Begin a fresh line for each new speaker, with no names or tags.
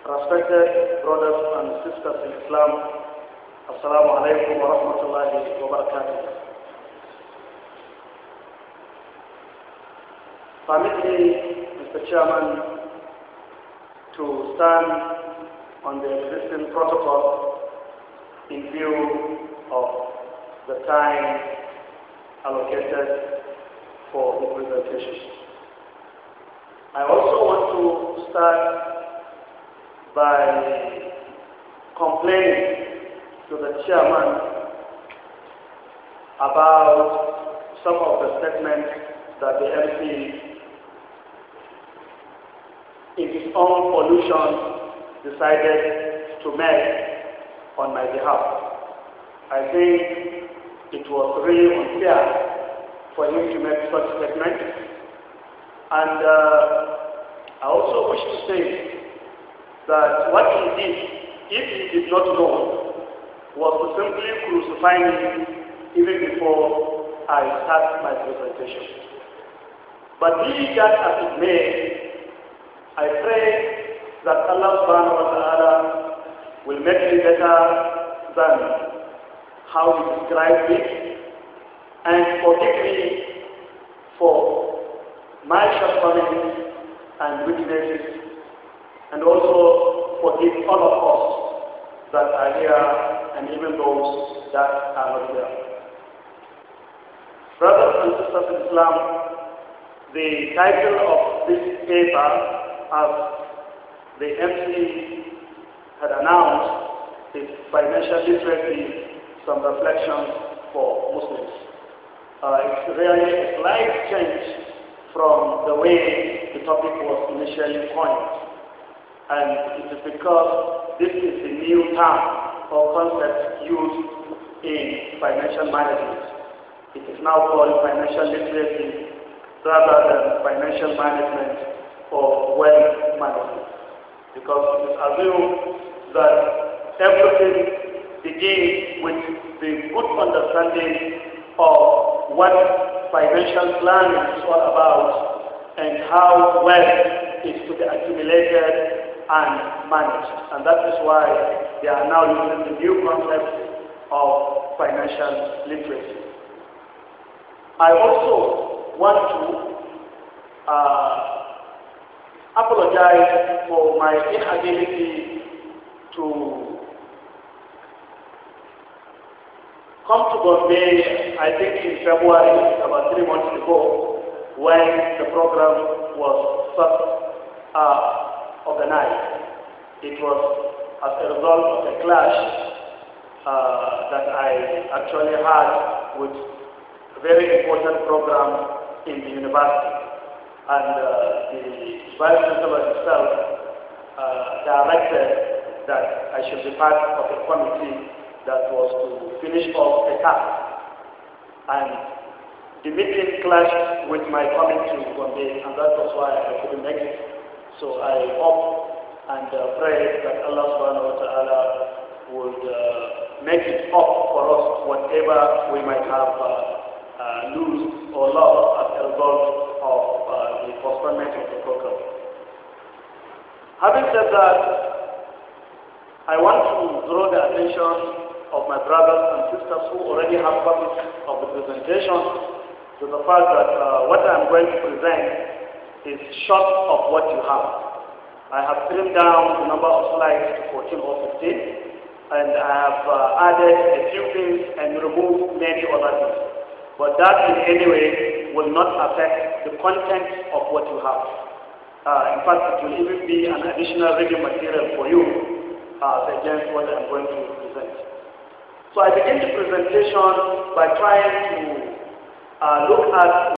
Respected brothers and sisters in Islam, Assalamu alaikum wa rahmatullahi wa barakatuh. Permit me, Mr. Chairman, to stand on the existing protocol in view of the time allocated for the presentation. I also want to start by complaining to the chairman about some of the statements that the MC, in his own pollution decided to make on my behalf. I think it was really unfair for him to make such statements. And uh, I also wish to say that what he did, if he did not know, was to simply crucify me even before I start my presentation. But be that as it may, I pray that Allah subhanahu wa ta'ala will make me better than how he described it and forgive me for my shortcomings and weaknesses and also forgive all of us that are here and even those that are not here. Brothers and sisters in Islam, the title of this paper, as the MC had announced, is Financial Literacy, Some Reflections for Muslims. Uh, it's really a slight change from the way the topic was initially coined and it is because this is the new term or concept used in financial management. It is now called financial literacy rather than financial management or wealth management because it is assumed that everything begins with the good understanding of what financial planning is all about and how wealth is to be accumulated and managed. And that is why they are now using the new concept of financial literacy. I also want to uh, apologize for my inability to come to Bombay, I think in February, about three months ago, when the program was uh, of the night. It was as a result of a clash uh, that I actually had with a very important program in the university. And uh, the vice chancellor himself uh, directed that I should be part of a committee that was to finish off a task. And the meeting clashed with my coming to day, and that was why I couldn't make it. So I hope and uh, pray that Allah subhanahu wa ta'ala would uh, make it up for us whatever we might have uh, uh lost or lost as a result of uh, the postponement of the program. Having said that, I want to draw the attention of my brothers and sisters who already have copies of the presentation to the fact that uh, what I'm going to present is short of what you have. I have trimmed down the number of slides to 14 or 15, and I have uh, added a few things and removed many other things. But that in any way will not affect the content of what you have. Uh, in fact, it will even be an additional reading material for you uh, against what I'm going to present. So I begin the presentation by trying to uh, look at